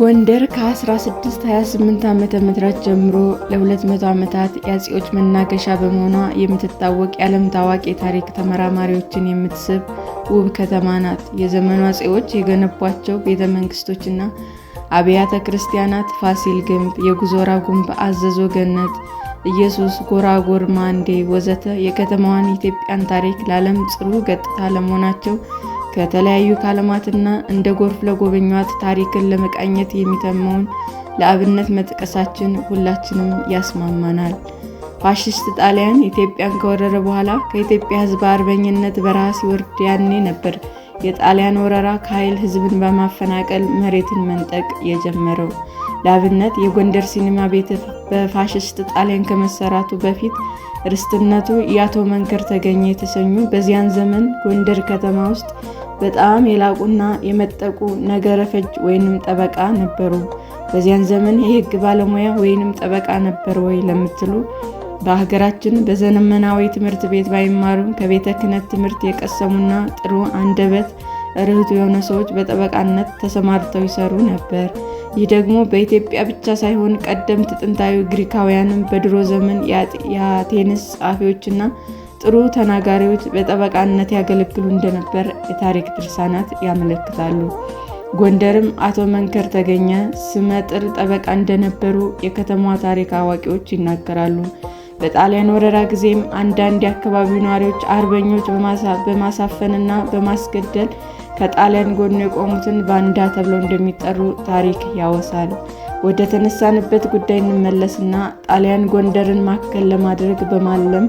ጎንደር ከ1628 ዓ ም ጀምሮ ለ200 ዓመታት የአፄዎች መናገሻ በመሆኗ የምትታወቅ የዓለም ታዋቂ የታሪክ ተመራማሪዎችን የምትስብ ውብ ከተማ ናት። የዘመኑ አፄዎች የገነቧቸው ቤተ መንግስቶችና አብያተ ክርስቲያናት ፋሲል ግንብ፣ የጉዞራ ጉንብ፣ አዘዞ ገነት፣ ኢየሱስ፣ ጎራጎር፣ ማንዴ ወዘተ የከተማዋን ኢትዮጵያን ታሪክ ለዓለም ጽሩ ገጽታ ለመሆናቸው ከተለያዩ ካለማትና እንደ ጎርፍ ለጎበኟት ታሪክን ለመቃኘት የሚተመውን ለአብነት መጥቀሳችን ሁላችንም ያስማማናል። ፋሽስት ጣሊያን ኢትዮጵያን ከወረረ በኋላ ከኢትዮጵያ ሕዝብ አርበኝነት በረሃ ሲወርድ ያኔ ነበር የጣሊያን ወረራ ከኃይል ሕዝብን በማፈናቀል መሬትን መንጠቅ የጀመረው። ለአብነት የጎንደር ሲኒማ ቤት በፋሽስት ጣሊያን ከመሰራቱ በፊት ርስትነቱ የአቶ መንከር ተገኘ የተሰኙ በዚያን ዘመን ጎንደር ከተማ ውስጥ በጣም የላቁና የመጠቁ ነገረ ፈጅ ወይንም ጠበቃ ነበሩ። በዚያን ዘመን የህግ ባለሙያ ወይንም ጠበቃ ነበር ወይ ለምትሉ በሀገራችን በዘመናዊ ትምህርት ቤት ባይማሩም ከቤተ ክህነት ትምህርት የቀሰሙና ጥሩ አንደበት ርህቱ የሆነ ሰዎች በጠበቃነት ተሰማርተው ይሰሩ ነበር። ይህ ደግሞ በኢትዮጵያ ብቻ ሳይሆን ቀደምት ጥንታዊ ግሪካውያንም በድሮ ዘመን የአቴንስ ጸሐፊዎችና ጥሩ ተናጋሪዎች በጠበቃነት ያገለግሉ እንደነበር የታሪክ ድርሳናት ያመለክታሉ። ጎንደርም አቶ መንከር ተገኘ ስመጥር ጠበቃ እንደነበሩ የከተማዋ ታሪክ አዋቂዎች ይናገራሉ። በጣሊያን ወረራ ጊዜም አንዳንድ የአካባቢው ነዋሪዎች አርበኞች በማሳፈንና በማስገደል ከጣሊያን ጎን የቆሙትን ባንዳ ተብለው እንደሚጠሩ ታሪክ ያወሳል። ወደ ተነሳንበት ጉዳይ እንመለስና ጣሊያን ጎንደርን ማዕከል ለማድረግ በማለም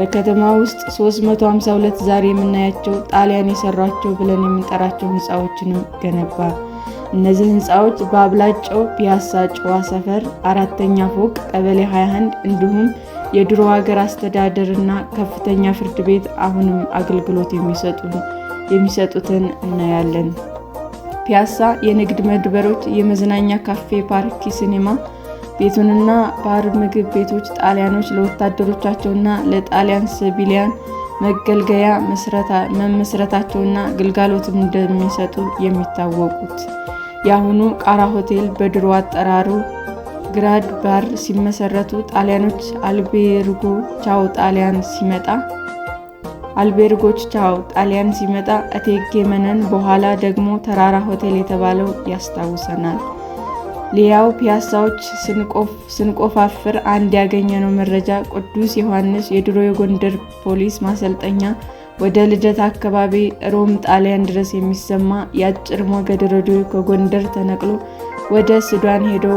በከተማ ውስጥ 352 ዛሬ የምናያቸው ጣሊያን የሰሯቸው ብለን የምንጠራቸው ህንፃዎችንም ገነባ። እነዚህ ህንፃዎች በአብላጫው ፒያሳ ጨዋ ሰፈር አራተኛ ፎቅ ቀበሌ 21 እንዲሁም የድሮ ሀገር አስተዳደር እና ከፍተኛ ፍርድ ቤት አሁንም አገልግሎት የሚሰጡትን እናያለን። ፒያሳ የንግድ መድበሮች፣ የመዝናኛ ካፌ፣ ፓርክ፣ ሲኔማ ቤቱንና ባህር ምግብ ቤቶች ጣሊያኖች ለወታደሮቻቸውና ለጣሊያን ሲቪሊያን መገልገያ መመስረታቸውና ግልጋሎትም እንደሚሰጡ የሚታወቁት። የአሁኑ ቃራ ሆቴል በድሮ አጠራሩ ግራድ ባር ሲመሰረቱ ጣሊያኖች አልቤርጎ ቻው ጣሊያን ሲመጣ አልቤርጎች ቻው ጣሊያን ሲመጣ እቴጌ መነን በኋላ ደግሞ ተራራ ሆቴል የተባለው ያስታውሰናል። ሊያው ፒያሳዎች ስንቆፋፍር አንድ ያገኘነው መረጃ ቅዱስ ዮሐንስ የድሮ የጎንደር ፖሊስ ማሰልጠኛ ወደ ልደት አካባቢ ሮም ጣሊያን ድረስ የሚሰማ የአጭር ሞገድ ሬዲዮ ከጎንደር ተነቅሎ ወደ ሱዳን ሄዶ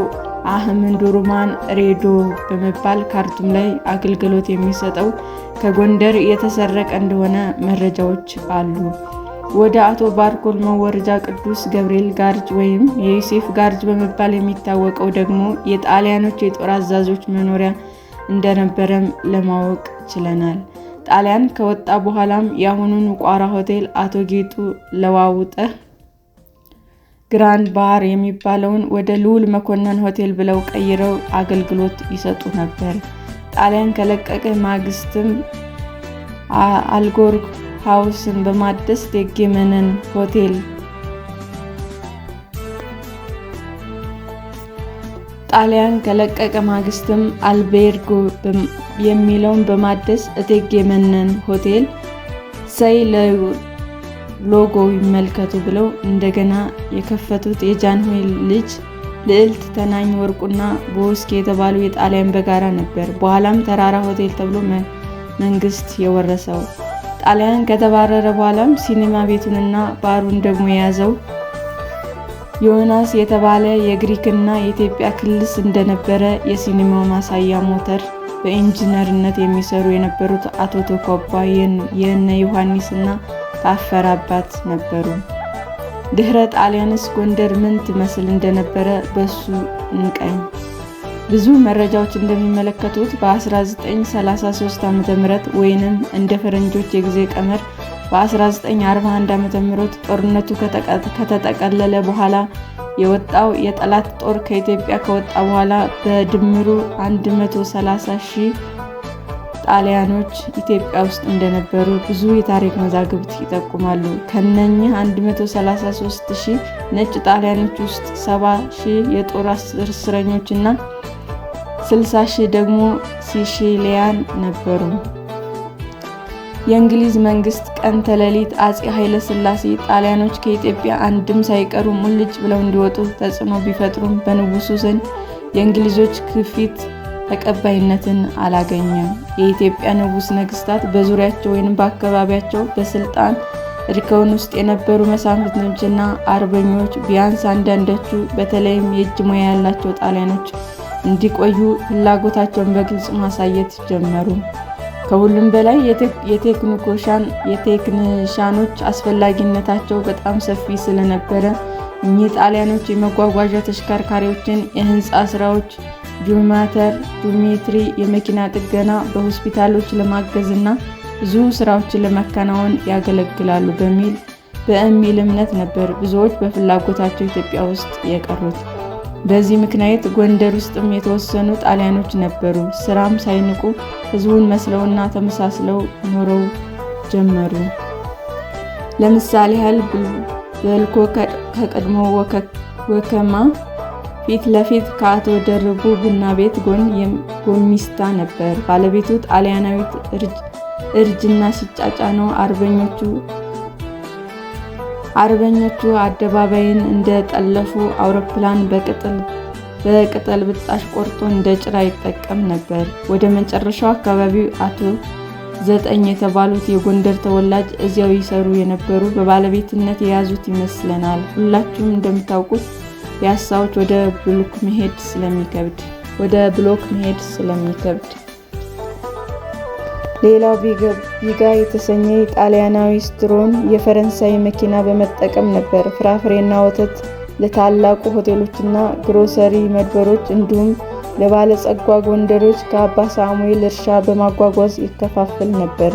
ዱሩማን ሬዲዮ በመባል ካርቱም ላይ አገልግሎት የሚሰጠው ከጎንደር የተሰረቀ እንደሆነ መረጃዎች አሉ። ወደ አቶ ባርኮል መወረጃ ቅዱስ ገብርኤል ጋርጅ ወይም የዩሴፍ ጋርጅ በመባል የሚታወቀው ደግሞ የጣሊያኖች የጦር አዛዦች መኖሪያ እንደነበረም ለማወቅ ችለናል። ጣሊያን ከወጣ በኋላም የአሁኑን ቋራ ሆቴል አቶ ጌጡ ለዋውጠ ግራንድ ባር የሚባለውን ወደ ልዑል መኮንን ሆቴል ብለው ቀይረው አገልግሎት ይሰጡ ነበር። ጣሊያን ከለቀቀ ማግስትም አልጎር ሀውስን በማደስ ደጌመነን ሆቴል ጣሊያን ከለቀቀ ማግስትም አልቤርጎ የሚለውን በማደስ እቴጌ መነን ሆቴል ሰይ ሎጎ ይመልከቱ ብለው እንደገና የከፈቱት የጃንሆይ ልጅ ልዕልት ተናኝ ወርቁና ቦስኬ የተባሉ የጣሊያን በጋራ ነበር። በኋላም ተራራ ሆቴል ተብሎ መንግስት የወረሰው ጣሊያን ከተባረረ በኋላም ሲኒማ ቤቱንና ባሩን ደግሞ የያዘው ዮናስ የተባለ የግሪክና የኢትዮጵያ ክልስ እንደነበረ የሲኒማው ማሳያ ሞተር በኢንጂነርነት የሚሰሩ የነበሩት አቶ ተኮባ የነ ዮሐንስና ታፈረ አባት ነበሩ። ድህረ ጣሊያንስ ጎንደር ምን ትመስል እንደነበረ በሱ እንቀኝ። ብዙ መረጃዎች እንደሚመለከቱት በ1933 ም ወይንም እንደ ፈረንጆች የጊዜ ቀመር በ1941 ም ጦርነቱ ከተጠቀለለ በኋላ የወጣው የጠላት ጦር ከኢትዮጵያ ከወጣ በኋላ በድምሩ 130 ሺህ ጣሊያኖች ኢትዮጵያ ውስጥ እንደነበሩ ብዙ የታሪክ መዛግብት ይጠቁማሉ። ከነኚህ 133 ሺህ ነጭ ጣሊያኖች ውስጥ 70 ሺህ የጦር እስረኞችና ስልሳ ሺህ ደግሞ ሲሺሊያን ነበሩ። የእንግሊዝ መንግስት ቀን ተሌሊት አጼ ኃይለ ሥላሴ ጣሊያኖች ከኢትዮጵያ አንድም ሳይቀሩ ሙልጭ ብለው እንዲወጡ ተጽዕኖ ቢፈጥሩም በንጉሱ ዘንድ የእንግሊዞች ክፊት ተቀባይነትን አላገኘም። የኢትዮጵያ ንጉሥ ነገሥታት በዙሪያቸው ወይም በአካባቢያቸው በስልጣን እርከን ውስጥ የነበሩ መሳፍንቶችና አርበኞች ቢያንስ አንዳንዶቹ በተለይም የእጅ ሙያ ያላቸው ጣሊያኖች እንዲቆዩ ፍላጎታቸውን በግልጽ ማሳየት ጀመሩ። ከሁሉም በላይ የቴክኒሻኖች አስፈላጊነታቸው በጣም ሰፊ ስለነበረ እኚህ ጣሊያኖች የመጓጓዣ ተሽከርካሪዎችን፣ የህንፃ ስራዎች፣ ጂኦማተር፣ ጂኦሜትሪ፣ የመኪና ጥገና በሆስፒታሎች ለማገዝ እና ብዙ ስራዎችን ለመከናወን ያገለግላሉ በሚል በእሚል እምነት ነበር ብዙዎች በፍላጎታቸው ኢትዮጵያ ውስጥ የቀሩት። በዚህ ምክንያት ጎንደር ውስጥም የተወሰኑ ጣሊያኖች ነበሩ። ስራም ሳይንቁ ህዝቡን መስለውና ተመሳስለው ኖረው ጀመሩ። ለምሳሌ ያህል በልኮ ከቀድሞ ወከማ ፊት ለፊት ከአቶ ደርቡ ቡና ቤት ጎን ጎሚስታ ነበር። ባለቤቱ ጣሊያናዊት እርጅና ሲጫጫ ነው አርበኞቹ አርበኞቹ አደባባይን እንደ ጠለፉ አውሮፕላን በቅጠል በቅጠል ብጣሽ ቆርጦ እንደ ጭራ ይጠቀም ነበር። ወደ መጨረሻው አካባቢው አቶ ዘጠኝ የተባሉት የጎንደር ተወላጅ እዚያው ይሰሩ የነበሩ በባለቤትነት የያዙት ይመስለናል። ሁላችሁም እንደምታውቁት የሀሳዎች ወደ ብሎክ መሄድ ስለሚከብድ ወደ ብሎክ መሄድ ስለሚከብድ ሌላው ቢጋ የተሰኘ ጣሊያናዊ ስትሮን የፈረንሳይ መኪና በመጠቀም ነበር ፍራፍሬና ወተት ለታላቁ ሆቴሎችና ግሮሰሪ መድበሮች እንዲሁም ለባለጸጓ ጎንደሮች ከአባ ሳሙኤል እርሻ በማጓጓዝ ይከፋፈል ነበር።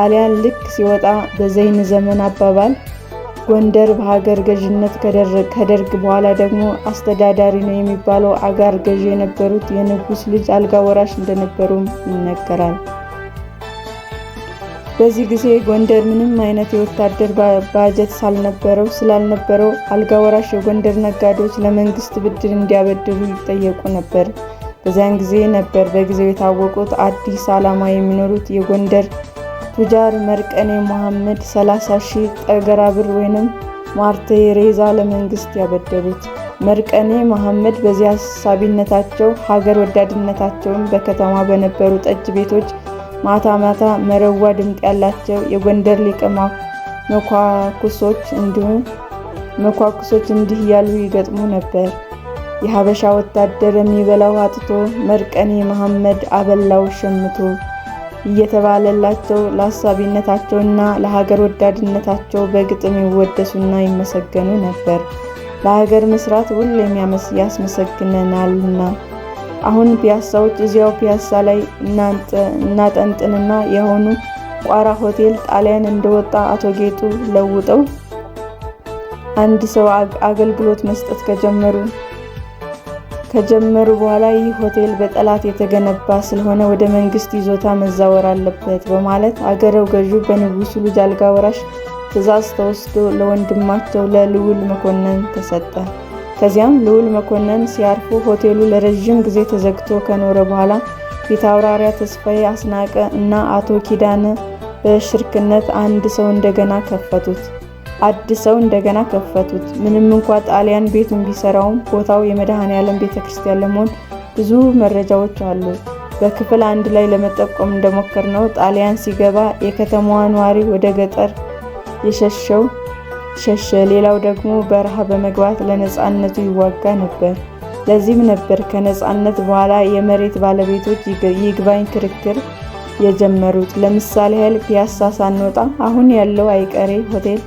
ጣሊያን ልክ ሲወጣ በዘይን ዘመን አባባል ጎንደር በሀገር ገዥነት ከደርግ በኋላ ደግሞ አስተዳዳሪ ነው የሚባለው አጋር ገዢ የነበሩት የንጉሥ ልጅ አልጋ ወራሽ እንደነበሩም ይነገራል። በዚህ ጊዜ ጎንደር ምንም አይነት የወታደር ባጀት ሳልነበረው ስላልነበረው አልጋ ወራሽ የጎንደር ነጋዴዎች ለመንግስት ብድር እንዲያበድሩ ይጠየቁ ነበር። በዚያን ጊዜ ነበር በጊዜው የታወቁት አዲስ ዓላማ የሚኖሩት የጎንደር ቱጃር መርቀኔ መሐመድ 30 ሺህ ጠገራ ብር ወይንም ማርቴ ሬዛ ለመንግስት ያበደሩት። መርቀኔ መሐመድ በዚህ አሳቢነታቸው ሀገር ወዳድነታቸውን በከተማ በነበሩ ጠጅ ቤቶች ማታ ማታ መረዋ ድምጥ ያላቸው የጎንደር ሊቀ መኳኩሶች እንዲሁም መኳኩሶች እንዲህ እያሉ ይገጥሙ ነበር። የሀበሻ ወታደር የሚበላው አጥቶ መርቀኔ መሐመድ አበላው ሸምቶ እየተባለላቸው ለአሳቢነታቸውና ለሀገር ወዳድነታቸው በግጥም ይወደሱና ይመሰገኑ ነበር። ለሀገር መስራት ሁሌም ያስመሰግነናልና አሁን ፒያሳዎች እዚያው ፒያሳ ላይ እናጠንጥንና የሆኑ ቋራ ሆቴል ጣሊያን እንደወጣ አቶ ጌጡ ለውጠው አንድ ሰው አገልግሎት መስጠት ከጀመሩ ከጀመሩ በኋላ ይህ ሆቴል በጠላት የተገነባ ስለሆነ ወደ መንግስት ይዞታ መዛወር አለበት በማለት አገረው ገዢው በንጉሱ ልጅ አልጋ ወራሽ ትዕዛዝ ተወስዶ ለወንድማቸው ለልውል መኮንን ተሰጠ። ከዚያም ልዑል መኮንን ሲያርፉ ሆቴሉ ለረዥም ጊዜ ተዘግቶ ከኖረ በኋላ ፊታውራሪያ ተስፋዬ አስናቀ እና አቶ ኪዳነ በሽርክነት አንድ ሰው እንደገና ከፈቱት አድ ሰው እንደገና ከፈቱት። ምንም እንኳ ጣሊያን ቤቱን ቢሰራውም ቦታው የመድኃኔ ዓለም ቤተ ክርስቲያን ለመሆን ብዙ መረጃዎች አሉ። በክፍል አንድ ላይ ለመጠቆም ነው ጣሊያን ሲገባ የከተማዋ ነዋሪ ወደ ገጠር የሸሸው ሸሸ። ሌላው ደግሞ በረሃ በመግባት ለነፃነቱ ይዋጋ ነበር። ለዚህም ነበር ከነፃነት በኋላ የመሬት ባለቤቶች ይግባኝ ክርክር የጀመሩት። ለምሳሌ ያህል ፒያሳ ሳንወጣ አሁን ያለው አይቀሬ ሆቴል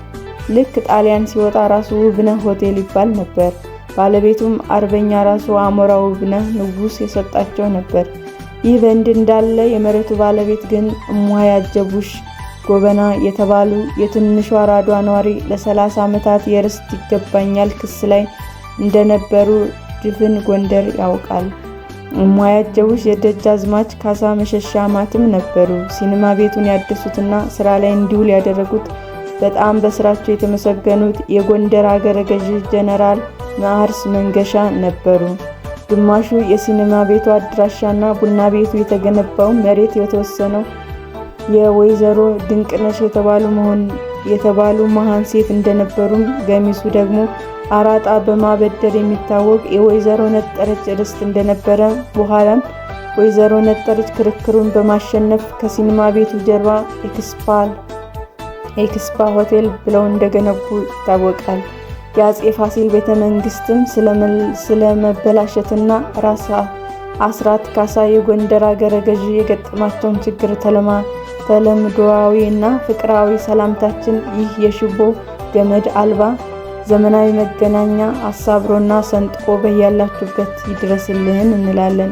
ልክ ጣሊያን ሲወጣ ራሱ ውብነህ ሆቴል ይባል ነበር። ባለቤቱም አርበኛ ራሱ አሞራ ውብነህ ንጉስ የሰጣቸው ነበር። ይህ በእንዲህ እንዳለ የመሬቱ ባለቤት ግን እሙሀያ ጎበና የተባሉ የትንሿ አራዷ ነዋሪ ለ30 ዓመታት የርስት ይገባኛል ክስ ላይ እንደነበሩ ድፍን ጎንደር ያውቃል። እማያጀውሽ የደጃዝማች ካሳ መሸሻ ማትም ነበሩ። ሲኒማ ቤቱን ያደሱትና ስራ ላይ እንዲውል ያደረጉት በጣም በስራቸው የተመሰገኑት የጎንደር አገረ ገዥ ጀነራል መዓርስ መንገሻ ነበሩ። ግማሹ የሲኒማ ቤቱ አድራሻና ቡና ቤቱ የተገነባው መሬት የተወሰነው የወይዘሮ ድንቅነሽ የተባሉ መሆን የተባሉ መሃን ሴት እንደነበሩም ገሚሱ ደግሞ አራጣ በማበደር የሚታወቅ የወይዘሮ ነጠረች ርስት እንደነበረ በኋላም ወይዘሮ ነጠረች ክርክሩን በማሸነፍ ከሲኒማ ቤቱ ጀርባ ኤክስፓል ኤክስፓ ሆቴል ብለው እንደገነቡ ይታወቃል። የአጼ ፋሲል ቤተ መንግስትም ስለመበላሸትና ራስ አስራት ካሳ የጎንደር አገረ ገዢ የገጠማቸውን ችግር ተለማ እና ፍቅራዊ ሰላምታችን ይህ የሽቦ ገመድ አልባ ዘመናዊ መገናኛ አሳብሮና ሰንጥቆ በያላችሁበት ይድረስልህን እንላለን።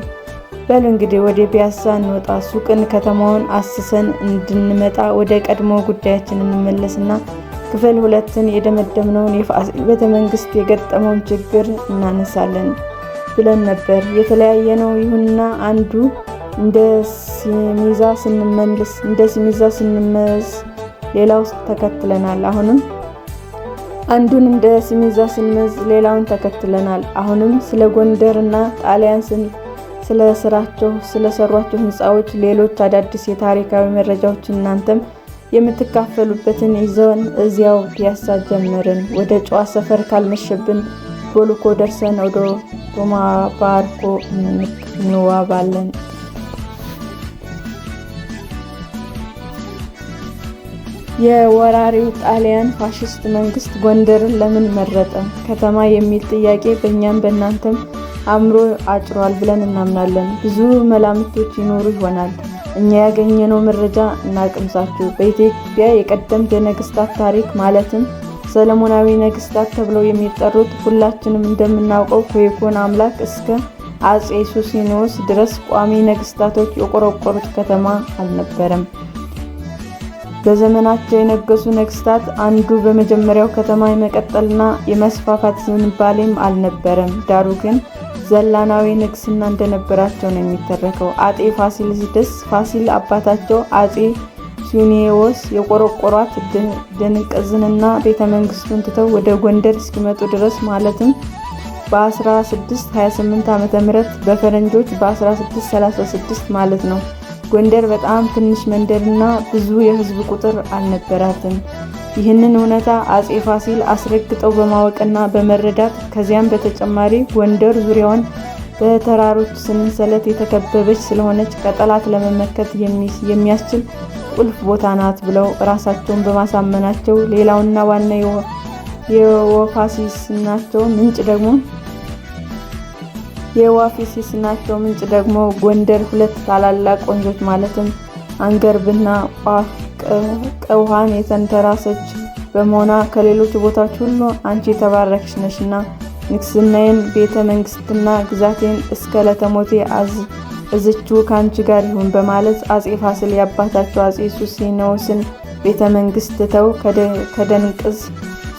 በሉ እንግዲህ ወደ ፒያሳ እንወጣ፣ ሱቅን ከተማውን አስሰን እንድንመጣ ወደ ቀድሞ ጉዳያችን እንመለስና ክፍል ሁለትን የደመደምነውን የፋሲል ቤተ መንግስት የገጠመውን ችግር እናነሳለን ብለን ነበር። የተለያየ ነው። ይሁንና አንዱ እንደ ሲሚዛ ስንመልስ እንደ ሲሚዛ ስንመዝ ሌላው ተከትለናል። አሁንም አንዱን እንደ ሲሚዛ ስንመዝ ሌላውን ተከትለናል። አሁንም ስለ ጎንደር እና ጣሊያን ስለ ስራቸው ስለ ሰሯቸው ህንፃዎች፣ ሌሎች አዳዲስ የታሪካዊ መረጃዎች እናንተም የምትካፈሉበትን ይዘውን እዚያው ፒያሳ ጀመርን። ወደ ጨዋ ሰፈር ካልመሸብን ቦልኮ ደርሰን ወደ ቶማ ባርኮ እንዋባለን። የወራሪው ጣሊያን ፋሽስት መንግስት ጎንደርን ለምን መረጠ ከተማ የሚል ጥያቄ በእኛም በእናንተም አእምሮ አጭሯል ብለን እናምናለን። ብዙ መላምቶች ይኖሩ ይሆናል። እኛ ያገኘነው መረጃ እናቅምሳችሁ። በኢትዮጵያ የቀደምት የነገስታት ታሪክ ማለትም ሰለሞናዊ ነገስታት ተብለው የሚጠሩት ሁላችንም እንደምናውቀው ከይኩኖ አምላክ እስከ አጼ ሱሲንዮስ ድረስ ቋሚ ነገስታቶች የቆረቆሩት ከተማ አልነበረም። በዘመናቸው የነገሱ ነገስታት አንዱ በመጀመሪያው ከተማ የመቀጠልና የመስፋፋት ዝንባሌም አልነበረም። ዳሩ ግን ዘላናዊ ንግስና እንደነበራቸው ነው የሚተረከው። አጤ ፋሲለደስ ፋሲል አባታቸው አጼ ሱኒዎስ የቆረቆሯት ድንቅዝንና ቤተ መንግስቱን ትተው ወደ ጎንደር እስኪመጡ ድረስ ማለትም በ1628 ም በፈረንጆች በ1636 ማለት ነው። ጎንደር በጣም ትንሽ መንደርና ብዙ የህዝብ ቁጥር አልነበራትም። ይህንን እውነታ አጼ ፋሲል አስረግጠው በማወቅና በመረዳት ከዚያም በተጨማሪ ጎንደር ዙሪያውን በተራሮች ሰንሰለት የተከበበች ስለሆነች ከጠላት ለመመከት የሚያስችል ቁልፍ ቦታ ናት ብለው ራሳቸውን በማሳመናቸው ሌላውና ዋና የወፋሲስናቸው ምንጭ ደግሞ የዋፊሲ ስናቸው ምንጭ ደግሞ ጎንደር ሁለት ታላላቅ ወንዞች ማለትም አንገርብና ቀውሃን የተንተራሰች በመሆኗ ከሌሎች ቦታዎች ሁሉ አንቺ የተባረክሽ ነሽና ንግስናዬን ቤተ መንግስትና ግዛቴን እስከ ለተሞቴ እዝችው ከአንቺ ጋር ይሁን በማለት አጼ ፋሲል የአባታቸው አጼ ሱሲኖስን ቤተ መንግስት ትተው ከደንቅዝ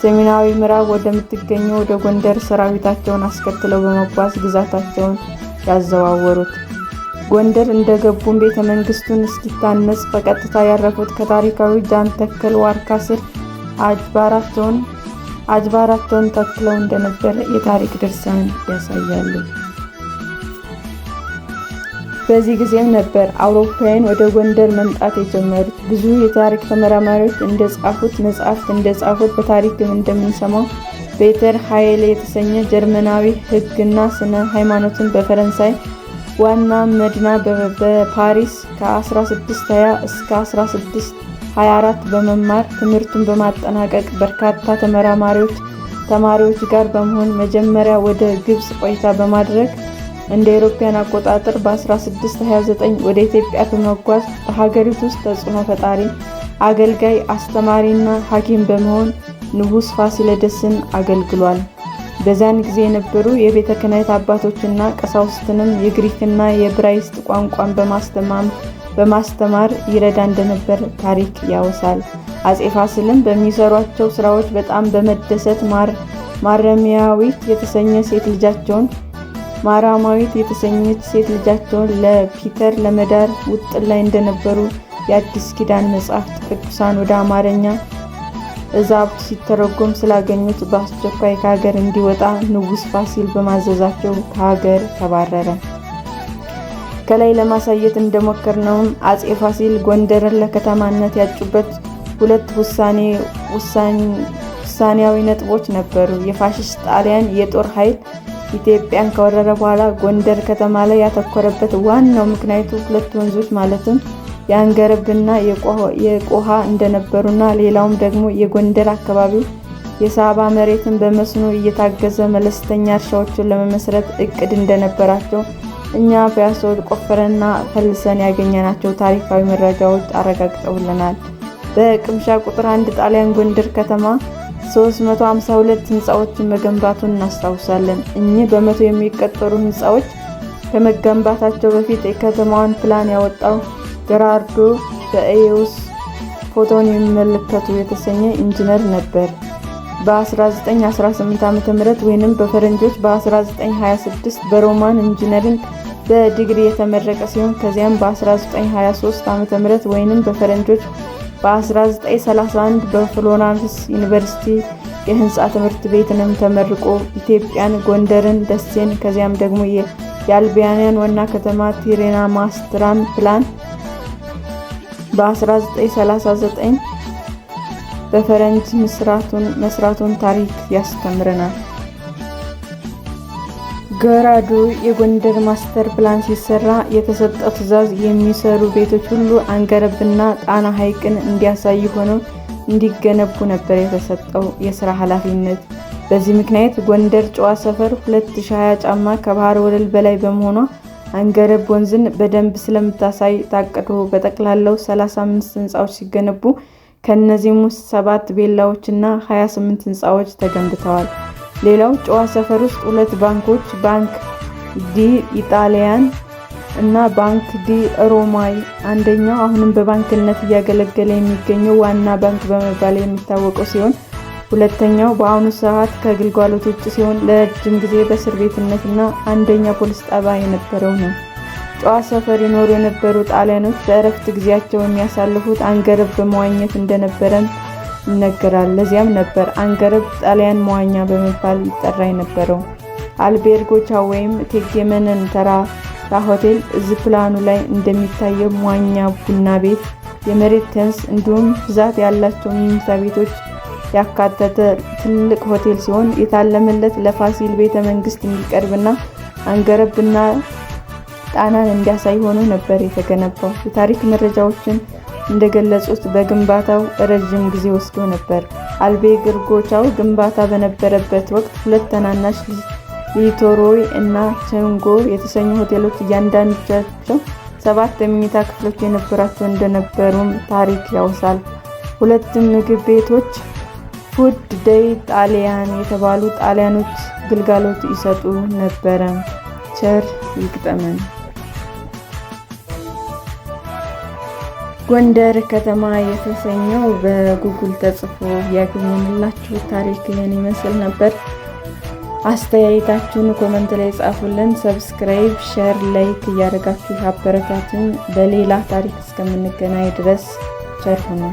ሰሜናዊ ምዕራብ ወደምትገኘው ወደ ጎንደር ሰራዊታቸውን አስከትለው በመጓዝ ግዛታቸውን ያዘዋወሩት። ጎንደር እንደገቡም ቤተ መንግስቱን እስኪታነጽ በቀጥታ ያረፉት ከታሪካዊ ጃን ተከል ዋርካ ስር አጅባራቸውን ተክለው እንደነበረ የታሪክ ድርሳን ያሳያሉ። በዚህ ጊዜም ነበር አውሮፓውያን ወደ ጎንደር መምጣት የጀመሩት። ብዙ የታሪክ ተመራማሪዎች እንደጻፉት መጽሐፍት እንደጻፉት በታሪክም እንደምንሰማው ቤተር ኃይል የተሰኘ ጀርመናዊ ሕግና ስነ ሃይማኖትን በፈረንሳይ ዋና መዲና በፓሪስ ከ1620 እስከ 1624 በመማር ትምህርቱን በማጠናቀቅ በርካታ ተመራማሪዎች ተማሪዎች ጋር በመሆን መጀመሪያ ወደ ግብፅ ቆይታ በማድረግ እንደ አውሮፓውያን አቆጣጠር በ1629 ወደ ኢትዮጵያ በመጓዝ በሀገሪቱ ውስጥ ተጽዕኖ ፈጣሪ አገልጋይ፣ አስተማሪና ሐኪም በመሆን ንጉሥ ፋሲለደስን አገልግሏል። በዚያን ጊዜ የነበሩ የቤተ ክህነት አባቶችና ቀሳውስትንም የግሪክና የዕብራይስጥ ቋንቋን በማስተማር ይረዳ እንደነበር ታሪክ ያወሳል። አጼ ፋሲልም በሚሰሯቸው ስራዎች በጣም በመደሰት ማረሚያዊት የተሰኘ ሴት ልጃቸውን ማራማዊት የተሰኘች ሴት ልጃቸውን ለፒተር ለመዳር ውጥን ላይ እንደነበሩ የአዲስ ኪዳን መጽሐፍት ቅዱሳን ወደ አማርኛ እዛብት ሲተረጎም ስላገኙት በአስቸኳይ ከሀገር እንዲወጣ ንጉሥ ፋሲል በማዘዛቸው ከሀገር ተባረረ። ከላይ ለማሳየት እንደሞከርነውም አጼ ፋሲል ጎንደርን ለከተማነት ያጩበት ሁለት ውሳኔ ውሳኔያዊ ነጥቦች ነበሩ። የፋሽስት ጣሊያን የጦር ኃይል ኢትዮጵያን ከወረረ በኋላ ጎንደር ከተማ ላይ ያተኮረበት ዋናው ምክንያቱ ሁለት ወንዞች ማለትም የአንገረብና የቆሃ እንደነበሩና ሌላውም ደግሞ የጎንደር አካባቢው የሳባ መሬትን በመስኖ እየታገዘ መለስተኛ እርሻዎችን ለመመስረት እቅድ እንደነበራቸው እኛ ፒያሳ ቆፍረንና ፈልሰን ያገኘናቸው ታሪካዊ መረጃዎች አረጋግጠውልናል። በቅምሻ ቁጥር አንድ ጣሊያን ጎንደር ከተማ 352 ህንፃዎችን መገንባቱን እናስታውሳለን። እኚህ በመቶ የሚቆጠሩ ህንፃዎች ከመገንባታቸው በፊት የከተማዋን ፕላን ያወጣው ገራርዶ በኤዮስ ፎቶን የሚመለከቱ የተሰኘ ኢንጂነር ነበር። በ1918 ዓ ም ወይም በፈረንጆች በ1926 በሮማን ኢንጂነሪንግ በዲግሪ የተመረቀ ሲሆን ከዚያም በ1923 ዓ ም ወይም በፈረንጆች በ1931 በፍሎናንስ ዩኒቨርሲቲ የህንፃ ትምህርት ቤትንም ተመርቆ ኢትዮጵያን፣ ጎንደርን፣ ደሴን ከዚያም ደግሞ የአልቢያንያን ዋና ከተማ ቲሬና ማስተራን ፕላን በ1939 በፈረንጅ መስራቱን ታሪክ ያስተምረናል። ገራዶ የጎንደር ማስተር ፕላን ሲሰራ የተሰጠው ትዕዛዝ የሚሰሩ ቤቶች ሁሉ አንገረብና ጣና ሐይቅን እንዲያሳይ ሆነው እንዲገነቡ ነበር የተሰጠው የስራ ኃላፊነት። በዚህ ምክንያት ጎንደር ጨዋ ሰፈር 2020 ጫማ ከባህር ወለል በላይ በመሆኗ አንገረብ ወንዝን በደንብ ስለምታሳይ ታቅዶ በጠቅላላው 35 ህንፃዎች ሲገነቡ ከእነዚህም ውስጥ ሰባት ቤላዎችና 28 ህንፃዎች ተገንብተዋል። ሌላው ጨዋ ሰፈር ውስጥ ሁለት ባንኮች ባንክ ዲ ኢጣሊያን እና ባንክ ዲ ሮማይ፣ አንደኛው አሁንም በባንክነት እያገለገለ የሚገኘው ዋና ባንክ በመባል የሚታወቀው ሲሆን ሁለተኛው በአሁኑ ሰዓት ከግልጋሎት ውጭ ሲሆን ለረጅም ጊዜ በእስር ቤትነትና አንደኛ ፖሊስ ጣቢያ የነበረው ነው። ጨዋ ሰፈር ይኖሩ የነበሩ ጣሊያኖች በእረፍት ጊዜያቸው የሚያሳልፉት አንገረብ በመዋኘት እንደነበረም ይነገራል። ለዚያም ነበር አንገረብ ጣሊያን መዋኛ በመባል ይጠራ የነበረው። አልቤርጎቻ ወይም ቴጌመነን ተራራ ሆቴል እዚህ ፕላኑ ላይ እንደሚታየው መዋኛ፣ ቡና ቤት፣ የመሬት ቴንስ እንዲሁም ብዛት ያላቸው መኝታ ቤቶች ያካተተ ትልቅ ሆቴል ሲሆን የታለመለት ለፋሲል ቤተ መንግስት እንዲቀርብና አንገረብና ጣናን እንዲያሳይ ሆኖ ነበር የተገነባው። የታሪክ መረጃዎችን እንደገለጹት በግንባታው ረዥም ጊዜ ወስዶ ነበር። አልቤ ግርጎቻው ግንባታ በነበረበት ወቅት ሁለት ተናናሽ ሊቶሮይ እና ቸንጎ የተሰኙ ሆቴሎች እያንዳንዳቸው ሰባት የመኝታ ክፍሎች የነበራቸው እንደነበሩም ታሪክ ያውሳል። ሁለቱም ምግብ ቤቶች ፉድ ደይ ጣሊያን የተባሉ ጣሊያኖች ግልጋሎት ይሰጡ ነበረ። ቸር ይግጠመን። ጎንደር ከተማ የተሰኘው በጉግል ተጽፎ ያገኘንላችሁ ታሪክ ይህን ይመስል ነበር። አስተያየታችሁን ኮመንት ላይ ጻፉልን። ሰብስክራይብ፣ ሸር፣ ላይክ እያደረጋችሁ አበረታችን። በሌላ ታሪክ እስከምንገናኝ ድረስ ቸር ሁኑ።